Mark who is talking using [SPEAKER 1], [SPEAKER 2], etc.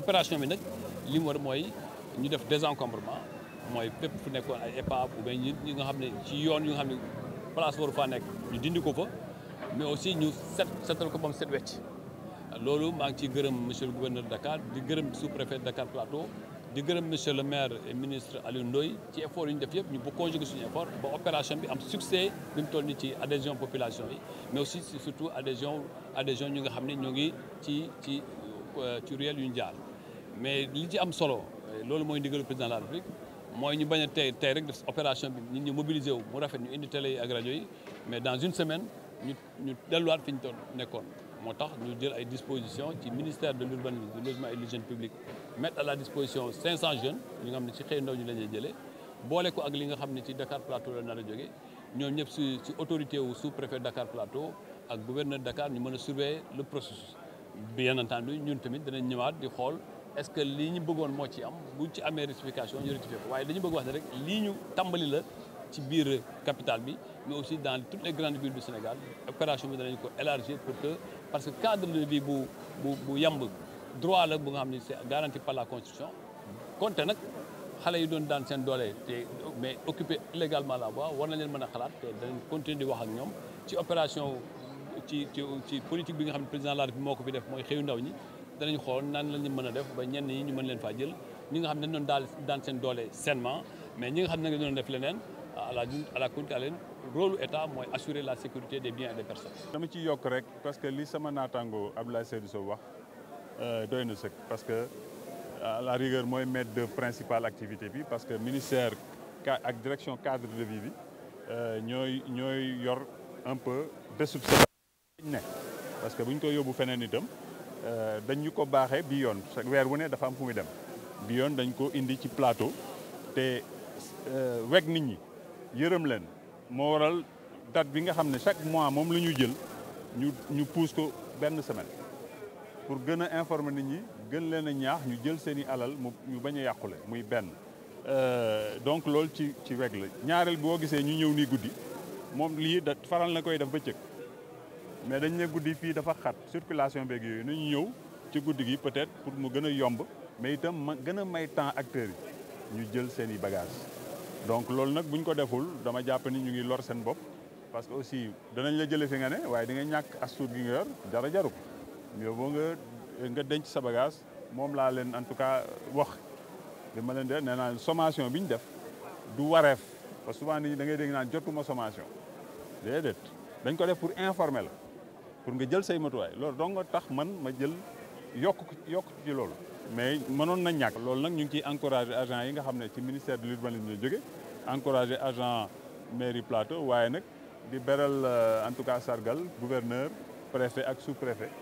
[SPEAKER 1] opération bi nag li mu war mooy ñu def désencombrement mooy pépp fu nekkoon ay épave ou bien ñi nga xam ne ci yoon yu nga xam ne place waru faa nekk ñu dindi ko fa mais aussi ñu set setal ko ba set wecc loolu maa ngi ciy gërëm monsieur le gouverneur Dakar di gërëm sous préfet Dakar Plateau di gërëm monsieur le maire et ministre Aliou Ndoye ci effort yi ñu def yëpp ñu bu conjugué suñu effort ba opération bi am succès bi mu toll nii ci adhésion population yi mais aussi surtout adhésion ñu nga xam ne ñoo ngi ci ci euh, ci réel yu ñu jaar mais li ci am solo loolu mooy ndigalu président de la République mooy ñu baña a tey tey rek def opération bi nit ñu mobiliser wu mu rafet ñu indi télé yi ak yi mais dans une semaine ñu ñu delluwaat fi ñu toll nekkoon moo tax ñu jël ay dispositions ci ministère de l'urbanisme du logement et de l'hygiène publique mettre à la disposition 500 jeunes ñi nga xam ne ci xëy ndaw ñu la ñuy jëlee boole ko ak li nga xam ne ci Dakar Plateau la nar a jógee ñoom ñëpp si si autorité wu sous-préfet Dakar Plateau ak gouverneur Dakar ñu mën a surveiller le processus bien entendu ñun tamit danañ ñëwaat di xool est-ce que lii ñu bëggoon moo ci am buñ ci amee rectification ñu rectifier ko waaye dañu bëgg wax ne rek lii ñu tàmbali la ci biir capitale bi mais aussi dans toutes les grandes villes du Sénégal opération bi danañ ko élargir pour que parce que cadre de vie bu bu bu yamb droit la bu nga xam ne c'est garanti par la constitution konte nag xale yi doon daan seen doole te mais occuper illégalement la voie war na leen mën a xalaat te danañ continuer di wax ak ñoom ci opération ci ci ci politique bi nga xam ne président de la République moo ko fi def mooy xëyu ndaw ñi danañ xool nan la mën a def ba ñenn ñi ñu mën leen faa ñi nga xam ne dañ daal daan seen doole sainement mais ñi nga xam ne nga doon def leneen à la à la courte haleine rôle état mooy assurer la sécurité des biens et des personnes.
[SPEAKER 2] dama ci yokk rek parce que li sama naataango Abdoulaye Seydou Sow wax euh, doy na sëkk parce que à la rigueur mooy maître de principale activité bi parce que ministère ak direction cadre de vie bi euh, ñooy ñooy yor un peu bésub semaine parce que buñ koy yóbbu feneen itam euh, dañ ñu ko baaxee bii yoon weer bu ne dafa am fu muy dem bi yoon dañ ko indi ci plateau te weg nit ñi. yërëm leen moo waral date bi nga xam ne chaque mois moom la ñuy jël ñu ñu pousse ko benn semaine pour gën a informer ni ñi gën leen a ñaax ñu jël seen i alal mu ñu bañ a yàqule muy benn. Euh, donc loolu ci ci weg la ñaareel boo gisee ñu ñëw nii guddi moom lii da faral na koy def bëccëg mais dañ ne guddi fii dafa xat circulation beeg yooyu nañu ñëw ci guddi gi peut-être pour mu gën a yomb mais itam ma gën a may temps acteurs yi ñu jël seen i bagages. donc loolu nag bu ñu ko deful dama jàpp ni ñu ngi lor seen bopp parce que aussi danañ la jëlee fi nga ne waaye di nga ñàkk astuut gi nga yor dara jaru yow boo nga nga denc sa bagage moom laa leen en tout cas wax ma leen de nee naa sommation bi ñu def du wareef parce que souvent nit ñi da ngay dégg naan jotuma sommation déedéet dañ ko def pour informer la pour nga jël say matuwaay loolu dong tax man ma jël yokk yokk ci loolu mais mënoon na ñàkk loolu nag ñu ngi ciy encouragé agent yi nga xam ne ci ministère de l'urbanisme la jóge encouragé agent mairie plateau waaye nag di beral euh, en tout cas sargal gouverneur préfet ak sous-préfet